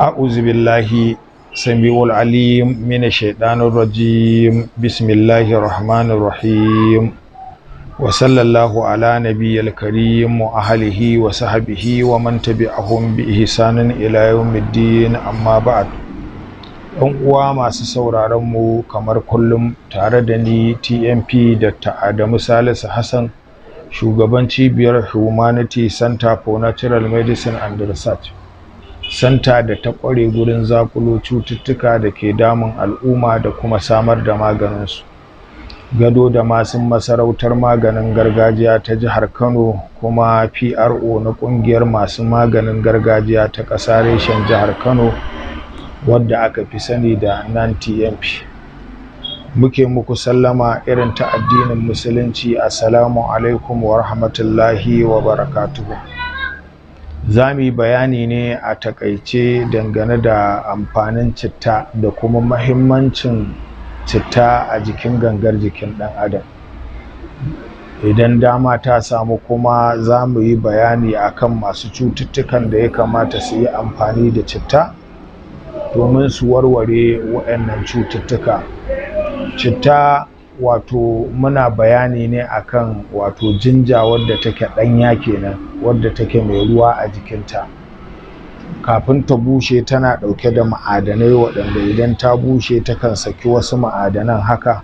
a'udzu billahi samiul alim minashaitanir rajim wa sallallahu ala nabiyyil karim wa ahlihi wa sahbihi wa man tabi'ahum bi ihsanin ila yawmiddin amma ba'd ɗan uwa masu sauraron mu kamar kullum tare da ni tmp da adamu salisu hassan shugaban cibiyar humanity center for natural medicine and research santa da ta ƙware gurin zakulo cututtuka da ke damun al'umma da kuma samar da maganinsu gado da masu masarautar maganin gargajiya ta jihar kano kuma pro na ƙungiyar masu maganin gargajiya ta ƙasa reshen jihar kano wadda aka fi sani da nan tmp muke muku sallama irin ta addinin musulunci assalamu alaikum wa rahmatullahi wa barakatuhu za mu yi bayani ne a takaice dangane da amfanin citta da kuma mahimmancin citta a jikin gangar jikin ɗan adam idan dama ta samu kuma za mu yi bayani akan masu cututtukan da ya kamata su yi amfani da citta domin su warware waɗannan cututtuka citta wato muna bayani ne akan wato jinja wadda take ɗanya kenan wadda take mai ruwa a jikinta kafin ta bushe tana ɗauke da ma'adanai waɗanda idan ta bushe takan saki wasu ma'adanan haka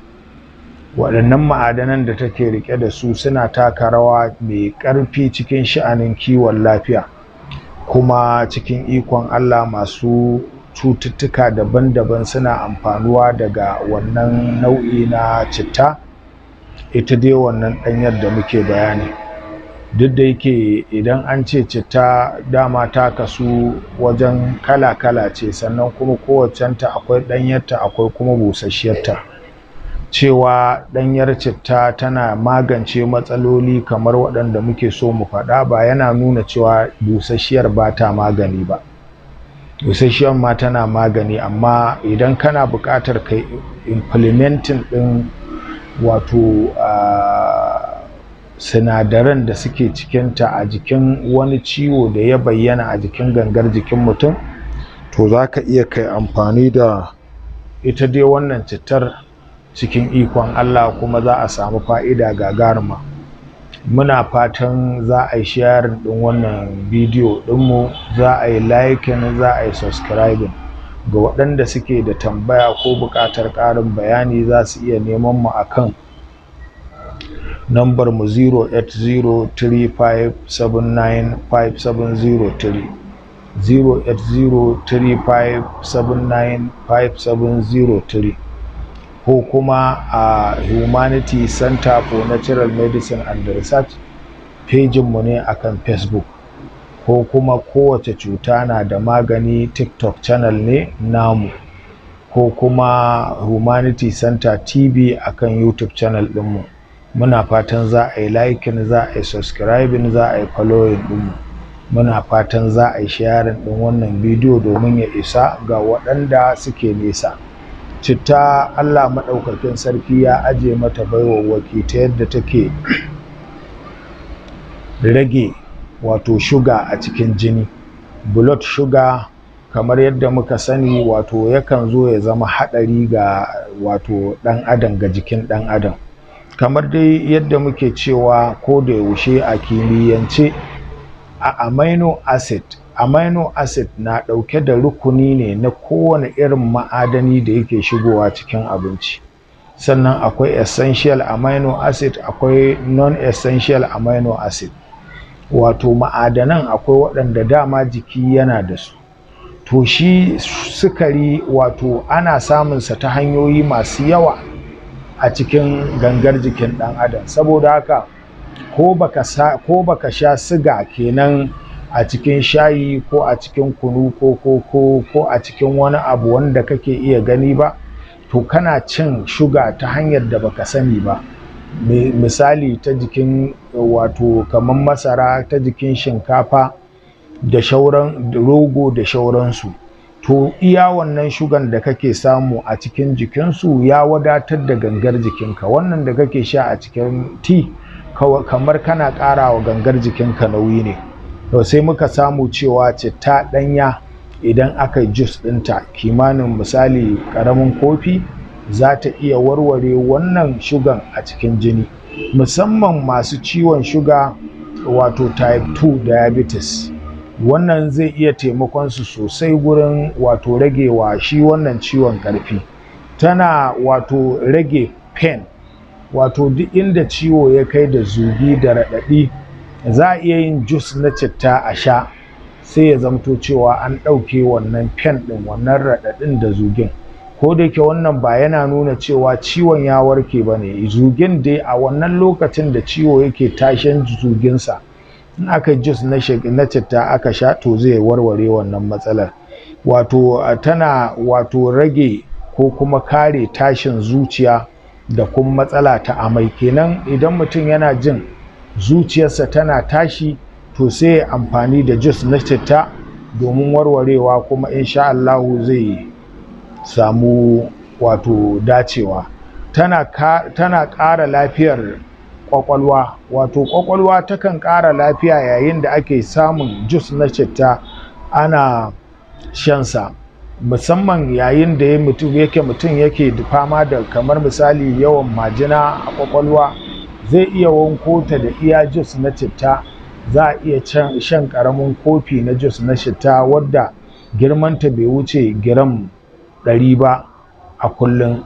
waɗannan ma'adanan da take riƙe da su suna taka rawa mai ƙarfi cikin sha'anin kiwon lafiya kuma cikin ikon allah masu cututtuka daban-daban suna amfanuwa daga wannan nau'i na citta ita dai wannan ɗanyar da muke bayani duk da yake idan an ce citta dama ta kasu wajen kala-kala ce sannan kuma kowacenta akwai ɗanyarta akwai kuma busasshiyarta cewa ɗanyar citta tana magance matsaloli kamar waɗanda muke so mu faɗa ba yana nuna cewa busasshiyar ba ta magani ba isasshen ma tana magani amma idan kana buƙatar kai implementing ɗin wato sinadaran da suke cikinta a jikin wani ciwo da ya bayyana a jikin gangar jikin mutum to za ka iya kai amfani da ita dai wannan cutar cikin ikon Allah kuma za a samu fa'ida gagaruma. muna fatan za a yi sharing ɗin wannan bidiyo ɗinmu za a yi liking za a yi subscribing ga waɗanda suke da tambaya ko buƙatar ƙarin bayani za su iya neman mu a kan nambar mu 08035795703 08035795703 ko kuma a humanity center for natural medicine and research mu ne akan facebook ko kuma kowace cuta na da magani tiktok channel ne namu ko kuma humanity center tv akan youtube channel ɗinmu muna fatan za a yi liking za a yi subscribing za a yi following ɗinmu muna fatan za a yi sharing ɗin wannan bidiyo domin ya isa ga waɗanda suke nesa citta Allah maɗaukakin sarki ya ajiye mata waki ta yadda take rage wato shuga a cikin jini blood sugar kamar yadda muka sani wato yakan zo ya zama haɗari ga wato ɗan adam ga jikin ɗan adam kamar dai yadda muke cewa ko da yaushe a kimiyyance a amino acid amino acid na ɗauke da rukuni ne na kowane irin ma'adani da yake shigowa cikin abinci sannan akwai essential amino acid akwai non-essential amino acid wato ma'adanan akwai waɗanda dama jiki yana da su to shi sukari wato ana samunsa ta hanyoyi masu yawa a cikin gangar jikin ɗan adam saboda haka ko baka sha siga kenan a cikin shayi ko a cikin kunu ko ko ko ko a cikin wani abu wanda kake iya gani ba to kana cin shuga ta hanyar da baka sani ba misali ta jikin wato kamar masara ta jikin shinkafa da shauran rogo da shauransu to iya wannan shugan da kake samu a cikin jikinsu ya wadatar da gangar jikinka wannan da kake sha a cikin ti kamar kana ƙara wa gangar jikinka nauyi ne to sai muka samu cewa citta ɗanya idan aka yi jus ɗinta kimanin misali ƙaramin kofi za ta iya warware wannan shugan a cikin jini musamman masu ciwon shuga wato type 2 diabetes wannan zai iya taimakon su sosai gurin wato ragewa shi wannan ciwon ƙarfi tana wato rage pain wato duk inda ciwo ya kai da zugi da raɗaɗi za a iya yin jus na citta a sha sai ya zamto cewa an ɗauke wannan fen ɗin wannan raɗaɗin da zugin ko da yake wannan ba yana nuna cewa ciwon ya warke ba ne zugin dai a wannan lokacin da ciwo yake tashen zuginsa in aka jus na citta aka sha to zai warware wannan matsalar wato tana wato rage ko kuma kare tashin zuciya da kuma matsala ta amai kenan idan mutum yana jin zuciyarsa tana tashi to sai ya amfani da jus na citta domin warwarewa kuma insha Allahu zai samu wato dacewa tana ƙara lafiyar ƙwaƙwalwa wato ƙwaƙwalwa takan ƙara lafiya yayin da ake samun jus na citta ana shansa musamman yayin da yake mutum yake fama da kamar misali yawan majina a ƙwaƙwalwa zai iya wanko ta da iya jus na citta za a iya shan ƙaramin kofi na jus na citta wadda girmanta bai wuce giram ɗari ba a kullum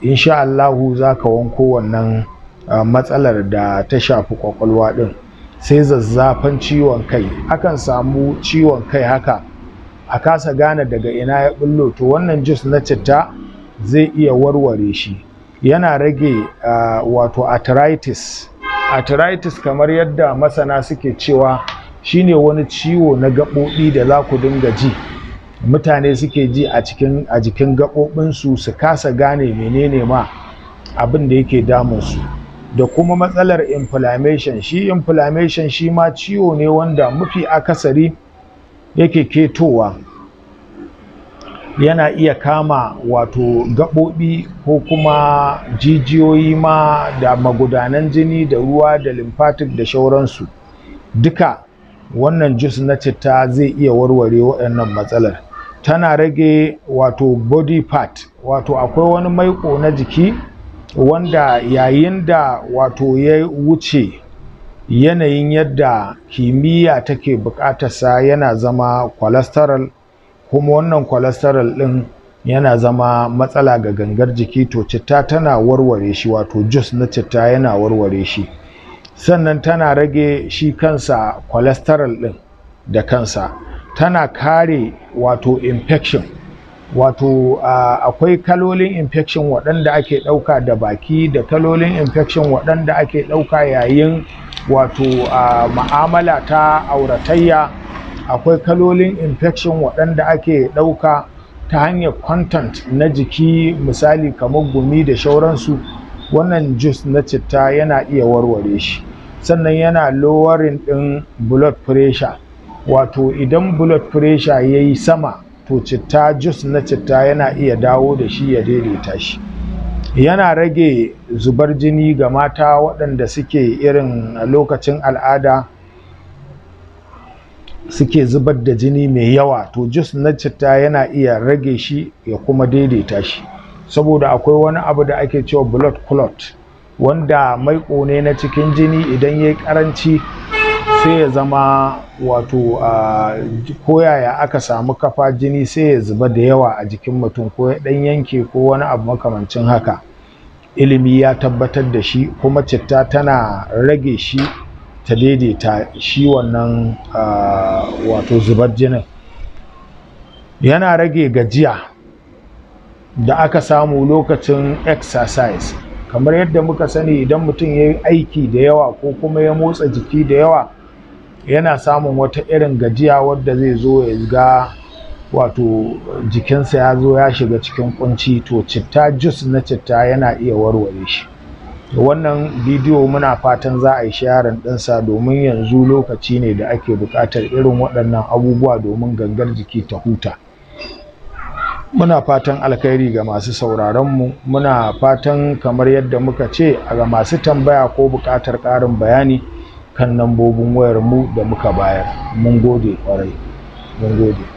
insha Allahu za ka wanko wannan matsalar da ta shafi kwakwalwa ɗin sai zazzafan ciwon kai akan samu ciwon kai haka a kasa gane daga ina ya ɓullo to wannan jus na citta zai iya warware shi yana rage ah, wato arthritis arthritis kamar yadda masana suke cewa shine wani ciwo na gaɓoɓi da za ku dinga ji mutane suke ji a cikin a jikin gaɓoɓinsu su kasa gane menene ma abin da yake damunsu da kuma matsalar inflammation shi inflammation shi ma ciwo ne wanda mafi akasari yake ketowa yana iya kama wato gaɓoɓi ko kuma jijiyoyi ma da magudanan jini da ruwa da lymphatic da shauransu duka wannan jus na citta zai iya warware waɗannan matsalar tana rage wato body part wato akwai wani maiƙo na jiki wanda yayin da wato ya wuce yanayin yadda kimiyya take buƙatarsa yana zama cholesterol kuma wannan cholesterol ɗin yana zama matsala ga gangar jiki to citta tana warware shi wato juice na citta yana warware shi sannan tana rage shi kansa cholesterol ɗin da kansa tana kare wato infection wato akwai kalolin infection waɗanda ake ɗauka da baki da kalolin infection waɗanda ake ɗauka yayin wato ma'amala ta auratayya akwai kalolin infection waɗanda ake ɗauka ta hanyar content na jiki misali kamar gumi da shauransu wannan juice na citta yana iya warware shi sannan yana lowering ɗin blood pressure wato idan blood pressure ya yi sama to citta juice na citta yana iya dawo da shi ya daidaita shi yana rage zubar jini ga mata waɗanda suke irin lokacin al'ada suke zubar da jini mai yawa to jus na citta yana iya rage shi ya kuma daidaita shi saboda akwai wani abu da ake cewa blood clot wanda mai kone na cikin jini idan ya karanci sai ya zama wato koyaya aka samu kafa jini sai ya zuba da yawa a jikin mutum ko ya dan yanke ko wani abu makamancin haka ilimi ya tabbatar da shi kuma citta tana rage shi ta daidaita shi wannan wato zubar jinin yana rage gajiya da aka samu lokacin exercise kamar yadda muka sani idan mutum ya yi aiki da yawa ko kuma ya motsa jiki da yawa yana samun wata irin gajiya wadda zai zo ya ga wato jikinsa ya zo ya shiga cikin kunci to citta juice na citta yana iya warware shi wannan bidiyo muna fatan za a yi sharing ɗinsa domin yanzu lokaci ne da ake buƙatar irin waɗannan abubuwa domin gangar jiki ta huta muna fatan alkhairi ga masu sauraronmu muna fatan kamar yadda muka ce ga masu tambaya ko buƙatar ƙarin bayani kan lambobin mu da muka bayar mun gode ƙwarai mun gode